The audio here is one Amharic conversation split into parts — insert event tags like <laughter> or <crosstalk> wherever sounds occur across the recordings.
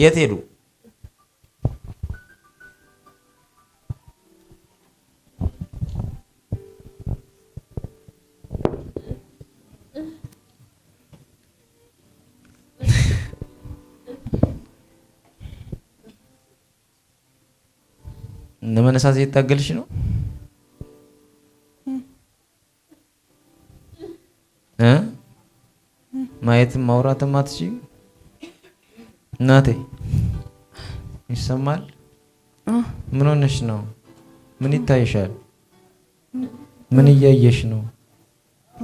የት ሄዱ? ለመነሳት እየታገልሽ ነው። ማየትም ማውራትም አትችይም። እናቴ ይሰማል? ምን ሆነሽ ነው? ምን ይታይሻል? ምን እያየሽ ነው?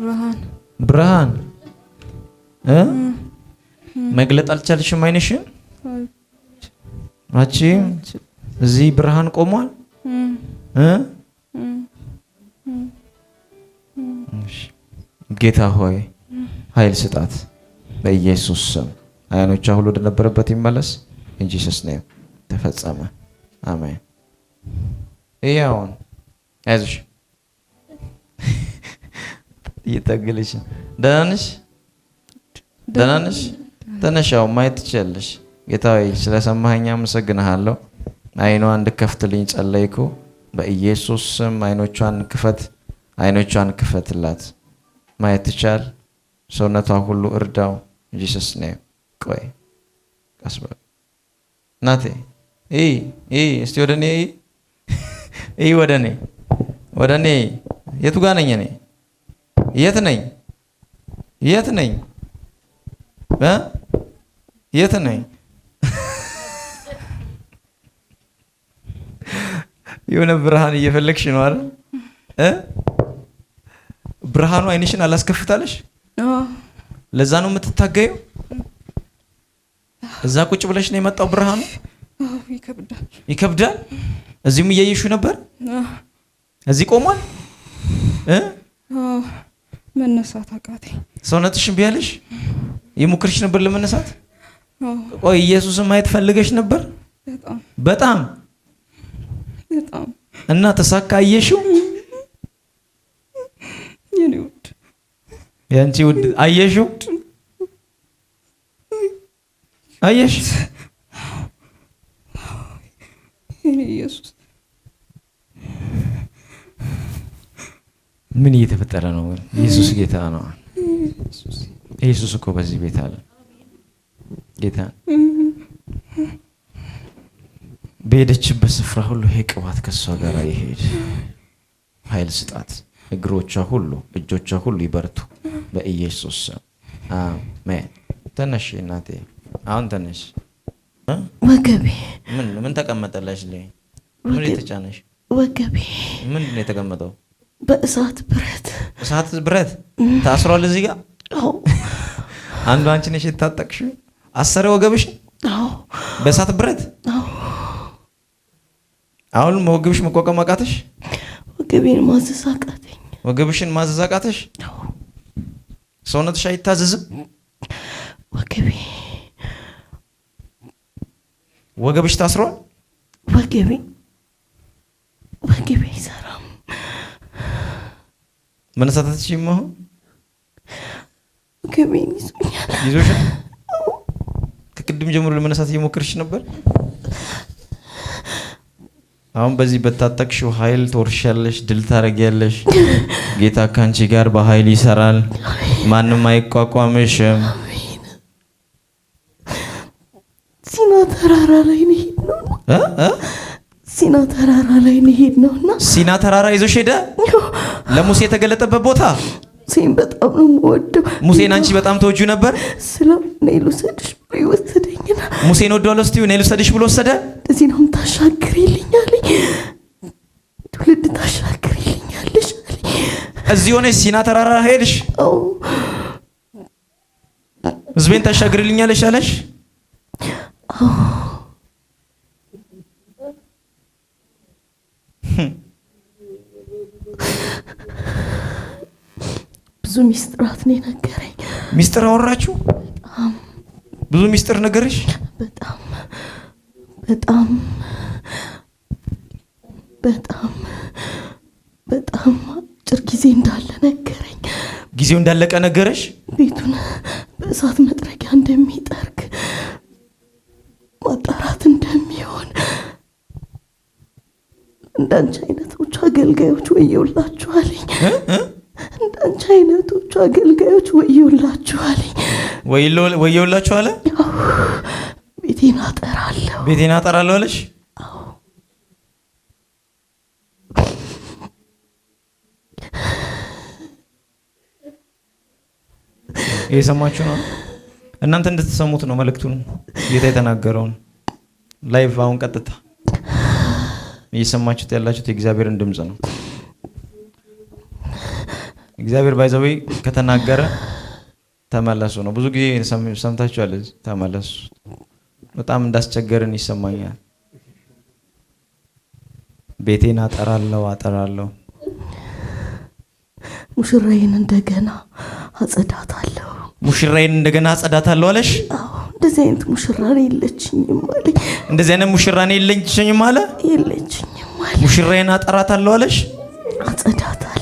ብርሃን ብርሃን እ መግለጥ አልቻልሽም አይነሽን? አቺ እዚህ ብርሃን ቆሟል ጌታ ሆይ ኃይል ስጣት በኢየሱስ ስም አይኖቿ ሁሉ ወደነበረበት ይመለስ። ኢን ጂሰስ ኔም ተፈጸመ። አሜን። ይሄ አሁን አይዞሽ፣ እየጠግልሽ ደህና ነሽ፣ ደህና ነሽ። ተነሻው ማየት ትችላለሽ። ጌታ ስለሰማኸኝ አመሰግንሃለሁ። አይኗን እንድከፍትልኝ ጸለይኩ። በኢየሱስ ስም አይኖቿን ክፈት፣ አይኖቿን ክፈትላት። ማየት ትቻል። ሰውነቷ ሁሉ እርዳው። ጂሰስ ኔም ቆይ ቀስ በል እናቴ እይ እይ እስቲ ወደ እኔ እይ ወደ እኔ ወደ እኔ የቱ ጋ ነኝ እኔ የት ነኝ የት ነኝ የት ነኝ የሆነ ብርሃን እየፈለግሽ ነው አይደል ብርሃኑ አይንሽን አላስከፍታለሽ ለዛ ነው የምትታገየው እዛ ቁጭ ብለሽ ነው የመጣው? ብርሃኑ ይከብዳል፣ ይከብዳል። እዚሁም እያየሹ ነበር። እዚህ ቆሟል። መነሳት አቃቴ ሰውነትሽ እምቢ አለሽ። ነበር ለመነሳት? ቆይ ኢየሱስን ማየት ፈልገሽ ነበር በጣም በጣም። እና ተሳካ? አየሽው? የኔ ውድ፣ ያንቺ ውድ፣ አየሽው? አየሽ ኢየሱስ ምን እየተፈጠረ ነው? ኢየሱስ ጌታ ነው። ኢየሱስ እኮ በዚህ ቤት አለ። ጌታ በሄደችበት ስፍራ ሁሉ ይሄ ቅባት ከእሷ ጋር ይሄድ። ኃይል ስጣት። እግሮቿ ሁሉ እጆቿ ሁሉ ይበርቱ በኢየሱስ አሜን። ተነሽ እናቴ። አሁን ትንሽ ወገቤ ምን ምን ተቀመጠለሽ? ምን የተጫነሽ? ወገቤ ምንድን ነው የተቀመጠው? በእሳት ብረት። እሳት ብረት ታስሯል እዚህ ጋር። አንዱ አንቺ ነሽ የታጠቅሽው። አሰረ ወገብሽ በእሳት ብረት። አሁን ወገብሽ መቋቋም አቃተሽ? ወገቤን ማዘዝ አቃተኝ። ወገብሽን ማዘዝ አቃተሽ? ሰውነትሽ አይታዘዝም ወገቤ ወገብሽ ታስሯል። ወገቤ ወገቤ አይሰራም። መነሳታትሽም አሁን ወገቤን ይዞኛል። ይዞሻል? ከቅድም ጀምሮ ለመነሳት እየሞከርሽ ነበር። አሁን በዚህ በታጠቅሽው ኃይል ትወርሻለሽ፣ ድል ታደርጊያለሽ። <laughs> ጌታ ካንቺ ጋር በኃይል ይሰራል። ማንም አይቋቋምሽም። ተራራ ላይ እንሂድ ነው ሲና ተራራ ላይ ሲና ተራራ ይዞሽ ሄደ። ለሙሴ የተገለጠበት ቦታ ሙሴን በጣም ነው የምወደው። ሙሴን አንቺ በጣም ተወጁ ነበር። ስለው እኔ ልውሰድሽ ብሎ ወሰደኝና ሙሴን ወደዋለሁ እኔ ልውሰድሽ ብሎ ወሰደ። እንደዚህ ነው ታሻግሪልኛለሽ፣ ትውልድ ታሻግሪልኛለሽ እዚህ ሆነሽ ሲና ተራራ ሄድሽ። ህዝቤን ታሻግሪልኛለሽ አለሽ። <laughs> ብዙ ሚስጥራት ነው የነገረኝ። ሚስጥር አወራችሁ? ብዙ ሚስጥር ነገርሽ? በጣም በጣም በጣም በጣም አጭር ጊዜ እንዳለ ነገረኝ። ጊዜው እንዳለቀ ነገረሽ? ቤቱን በእሳት መጥረጊያ እንደሚጠርግ ማጣራት እንደሚሆን እንዳንቺ አይነቶቹ አገልጋዮች ወየውላችሁ አለኝ። እንዳንቺ አይነቶቹ አገልጋዮች ወየውላችሁ አለኝ። ወየውላችሁ አለ። ቤቴን አጠራለሁ፣ ቤቴን አጠራለሁ አለሽ። የሰማችሁ ነው። እናንተ እንድትሰሙት ነው መልእክቱን ጌታ የተናገረውን ላይቭ አሁን ቀጥታ እየሰማችሁት ያላችሁት የእግዚአብሔርን ድምፅ ነው። እግዚአብሔር ባይዘዌ ከተናገረ ተመለሱ ነው። ብዙ ጊዜ ሰምታችኋል። ተመለሱ በጣም እንዳስቸገርን ይሰማኛል። ቤቴን አጠራለሁ አጠራለሁ፣ ሙሽራዬን እንደገና አጸዳታለሁ ሙሽራዬን እንደገና አጸዳታለሁ አለሽ? እንደዚህ አይነት ሙሽራ ነው የለችኝም አለ። እንደዚህ አይነት ሙሽራ ነው የለችኝም አለ። የለችኝም አለ። ሙሽራዬን አጠራታለሁ አለሽ? አጸዳታለሁ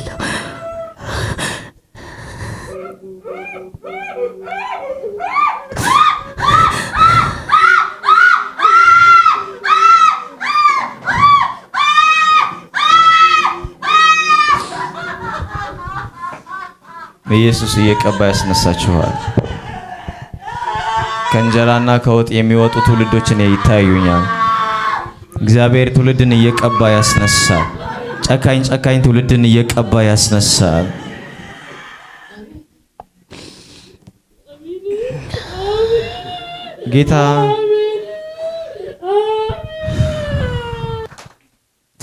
በኢየሱስ እየቀባ ያስነሳችኋል። ከእንጀራና ከወጥ የሚወጡ ትውልዶችን ይታዩኛል። እግዚአብሔር ትውልድን እየቀባ ያስነሳል። ጨካኝ ጨካኝ ትውልድን እየቀባ ያስነሳል። ጌታ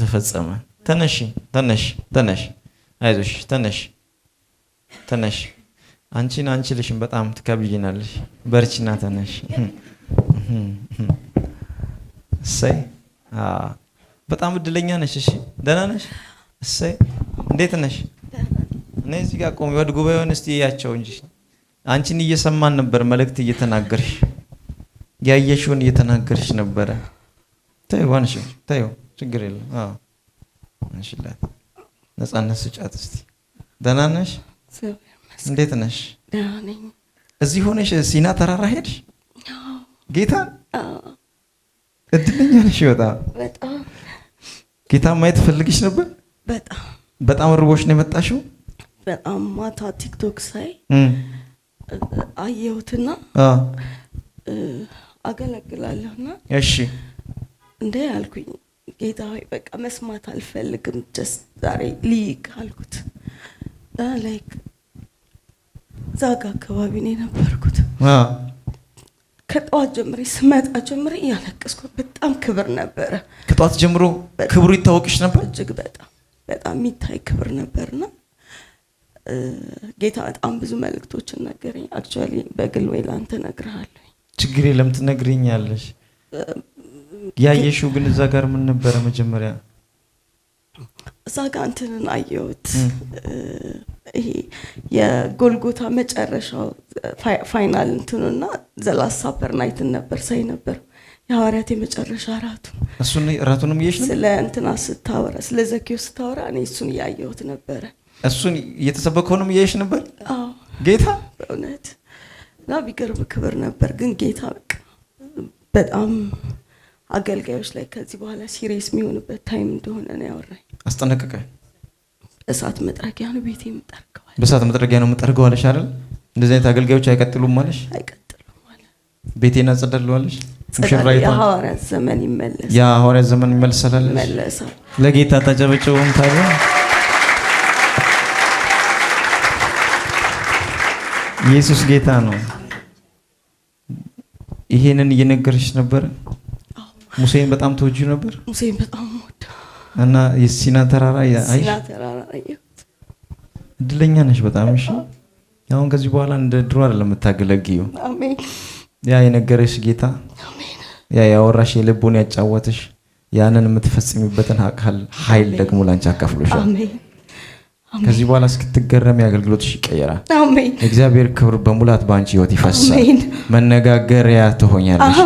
ተፈጸመ። ተነሽ ተነሽ ተነሽ፣ አይዞሽ ተነሽ። ተነሽ። አንቺን አንችልሽም፣ በጣም ትከብጂናለሽ። በርችና ተነሽ። እሰይ በጣም እድለኛ ነሽ። እሺ ደህና ነሽ? እሰይ እንዴት ነሽ? እኔ እዚህ ጋር ቆሜ ወድ ጉባኤውን እስቲ እያቸው እንጂ አንቺን እየሰማን ነበር። መልእክት እየተናገርሽ ያየሽውን እየተናገርሽ ነበረ። ተይው አንሺ፣ ተይው ችግር የለም። አዎ ነፃነት ስጫት እስቲ። ደህና ነሽ? እንዴት ነሽ? እዚህ ሆነሽ ሲና ተራራ ሄድሽ? ጌታ እድለኛ ነሽ። በጣም ጌታ ማየት ፈልግሽ ነበር። በጣም በጣም ርቦሽ ነው የመጣሽው። በጣም ማታ ቲክቶክ ሳይ አየሁትና አገለግላለሁና እሺ እንደ አልኩኝ ጌታ ሆይ በቃ መስማት አልፈልግም ደስ ዛሬ ልይክ አልኩት። ላይክ እዛ አካባቢ ነው የነበርኩት። ከጠዋት ጀምሬ ስመጣ ጀምሬ እያለቀስኩ በጣም ክብር ነበረ። ከጠዋት ጀምሮ ክብሩ ይታወቅሽ ነበር። እጅግ በጣም በጣም የሚታይ ክብር ነበርና ጌታ በጣም ብዙ መልእክቶችን ነገረኝ። አክቹዋሊ በግል ወይ ላንተ እነግርሃለሁ። ችግር የለም ትነግሪኛለሽ። ያየሽው ግን እዛ ጋር ምን ነበረ መጀመሪያ እዛ ጋ እንትንን አየሁት። ይሄ የጎልጎታ መጨረሻው ፋይናል እንትኑና ዘላስ ሳፐር ናይትን ነበር ሳይ ነበር የሐዋርያት የመጨረሻ እራቱ እሱን እራቱንም እየሽ ስለ እንትና ስታወራ ስለ ዘኪዮ ስታወራ እኔ እሱን እያየሁት ነበረ። እሱን እየተሰበከውንም እያየሽ ነበር ጌታ በእውነት እና ቢገርም ክብር ነበር ግን ጌታ በቃ በጣም አገልጋዮች ላይ ከዚህ በኋላ ሲሪየስ የሚሆንበት ታይም እንደሆነ ነው ያወራኝ። አስጠነቀቀ። እሳት መጥረጊያ ነው ቤት የምጠርገዋል። በእሳት መጥረጊያ ነው የምጠርገዋለሽ አይደል? እንደዚህ አይነት አገልጋዮች አይቀጥሉም አለሽ። አይቀጥሉም አለ። ቤቴን አጸዳለዋለሽ። የሐዋርያት ዘመን ይመለሳል። የሐዋርያት ዘመን ይመለሳል። ለጌታ ታጨበጭቡም ታዲያ ኢየሱስ ጌታ ነው። ይሄንን እየነገረች ነበር። ሙሴን በጣም ተወጁ ነበር። ሙሴን በጣም ወደ እና የሲና ተራራ ሲና ተራራ እድለኛ ነሽ በጣም እሺ። አሁን ከዚህ በኋላ እንደ ድሮ አይደለም የምታገለግዪው። ያ የነገረሽ ጌታ፣ ያ ያወራሽ፣ የልቡን ያጫወትሽ፣ ያንን የምትፈጽሚበትን ኃይል ደግሞ ላንቺ አካፍሎሻል። ከዚህ በኋላ እስክትገረም የአገልግሎትሽ ይቀየራል። እግዚአብሔር ክብር በሙላት በአንቺ ህይወት ይፈሳል። መነጋገሪያ ትሆኛለሽ።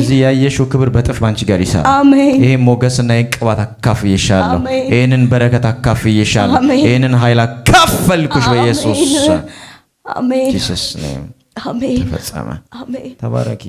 እዚህ ያየሽው ክብር በጥፍ በአንቺ ጋር ይሰራል። ይህን ሞገስና ይህን ቅባት አካፍዬሻለሁ። ይህንን በረከት አካፍዬሻለሁ። ይህንን ኃይል አካፈልኩሽ በኢየሱስ አሜን። ተፈጸመ። ተባረኪ።